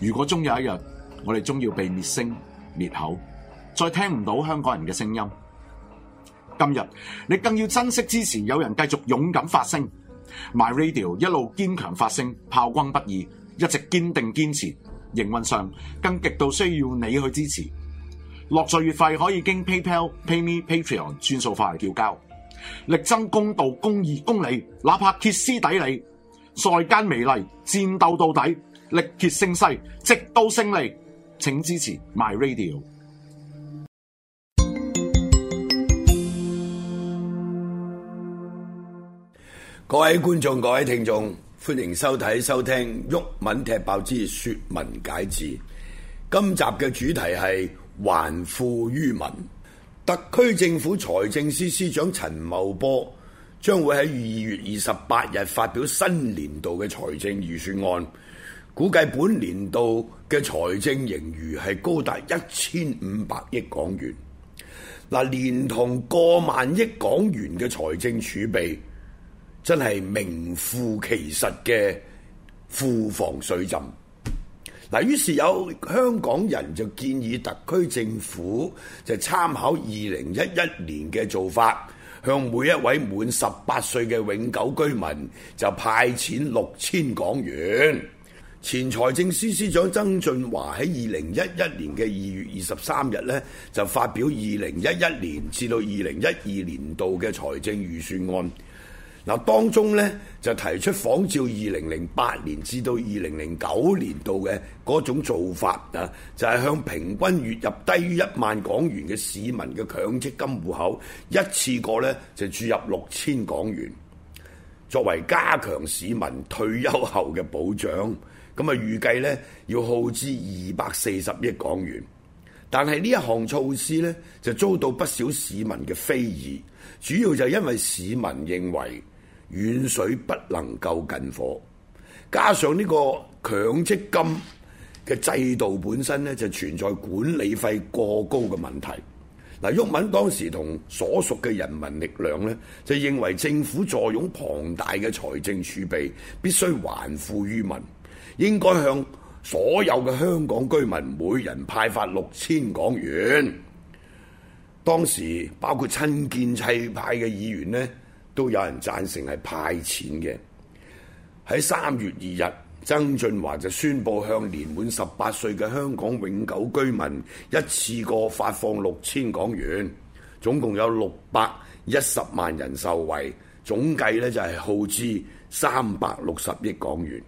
如果終有一日，我哋終要被滅聲滅口，再聽唔到香港人嘅聲音。今日你更要珍惜支持，有人繼續勇敢發聲，My Radio 一路堅強發聲，炮轟不已，一直堅定堅持。營運上更極度需要你去支持。樂助月費可以經 PayPal、PayMe、Patreon 轉數化嚟繳交。力爭公道、公義、公理，哪怕歇斯底里，在間美利，戰鬥到底。力竭聲嘶，直到勝利。請支持 My Radio。各位觀眾，各位聽眾，歡迎收睇、收聽《毓民踢爆之説文解字》。今集嘅主題係還富於民。特區政府財政司司，司長陳茂波將會喺二月二十八日發表新年度嘅財政預算案。估計本年度嘅財政盈餘係高達一千五百億港元，嗱，連同過萬億港元嘅財政儲備，真係名副其實嘅庫房水浸。嗱，於是有香港人就建議特區政府就參考二零一一年嘅做法，向每一位滿十八歲嘅永久居民就派錢六千港元。前財政司司長曾俊華喺二零一一年嘅二月二十三日呢，就發表二零一一年至到二零一二年度嘅財政預算案。嗱，當中呢，就提出仿照二零零八年至到二零零九年度嘅嗰種做法啊，就係向平均月入低於一萬港元嘅市民嘅強積金戶口一次過呢，就注入六千港元，作為加強市民退休後嘅保障。咁啊，預計咧要耗資二百四十億港元，但係呢一項措施咧就遭到不少市民嘅非議，主要就因為市民認為遠水不能夠近火，加上呢個強積金嘅制度本身咧就存在管理費過高嘅問題。嗱，毓民當時同所屬嘅人民力量咧就認為政府坐擁龐大嘅財政儲備，必須還富於民。應該向所有嘅香港居民每人派發六千港元。當時包括親建制派嘅議員呢，都有人贊成係派錢嘅。喺三月二日，曾俊華就宣布向年滿十八歲嘅香港永久居民一次過發放六千港元，總共有六百一十萬人受惠，總計呢就係耗資三百六十億港元。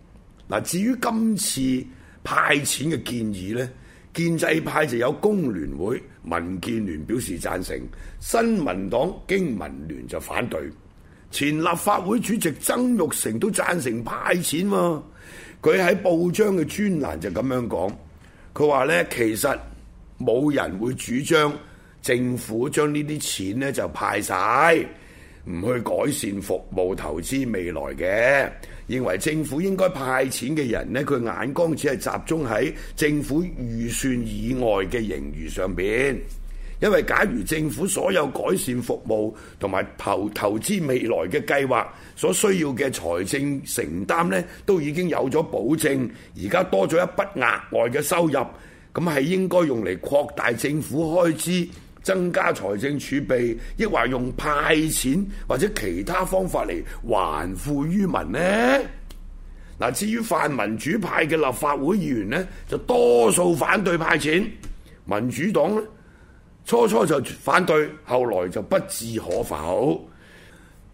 嗱，至於今次派錢嘅建議咧，建制派就有工聯會、民建聯表示贊成，新民黨、經民聯就反對。前立法會主席曾玉成都贊成派錢喎，佢喺報章嘅專欄就咁樣講，佢話呢，其實冇人會主張政府將呢啲錢呢就派晒。」唔去改善服務投資未來嘅，認為政府應該派錢嘅人呢，佢眼光只係集中喺政府預算以外嘅盈餘上邊。因為假如政府所有改善服務同埋投投資未來嘅計劃所需要嘅財政承擔呢，都已經有咗保證，而家多咗一筆額外嘅收入，咁係應該用嚟擴大政府開支。增加財政儲備，抑或用派錢或者其他方法嚟還富於民呢？嗱，至於泛民主派嘅立法會議員呢就多數反對派錢。民主黨咧，初初就反對，後來就不置可否。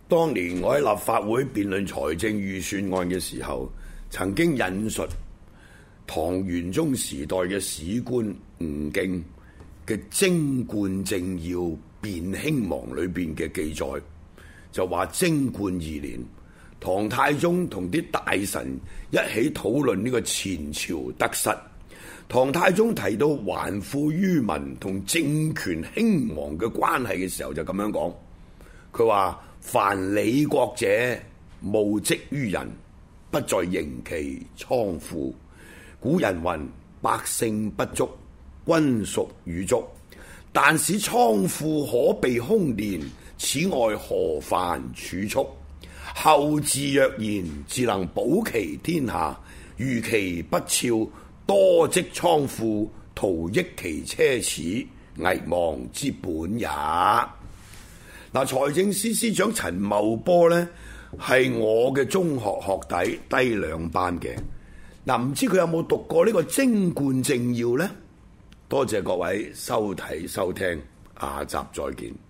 當年我喺立法會辯論財政預算案嘅時候，曾經引述唐玄宗時代嘅史官吳敬嘅《貞觀政要辨興亡》裏邊嘅記載，就話貞觀二年，唐太宗同啲大臣一起討論呢個前朝得失。唐太宗提到還富於民同政權興亡嘅關係嘅時候就，就咁樣講。佢話凡理國者，務積於人，不在盈其倉庫。古人云：百姓不足。君孰與足，但使倉庫可備凶年，此外何煩儲蓄？後嗣若賢，自能保其天下；如其不肖，多積倉庫，徒益其奢侈，危亡之本也。嗱，財政司司長陳茂波呢，係我嘅中學學弟，低兩班嘅。嗱，唔知佢有冇讀過呢個《貞觀政要》呢？多謝各位收睇、收聽，下集再見。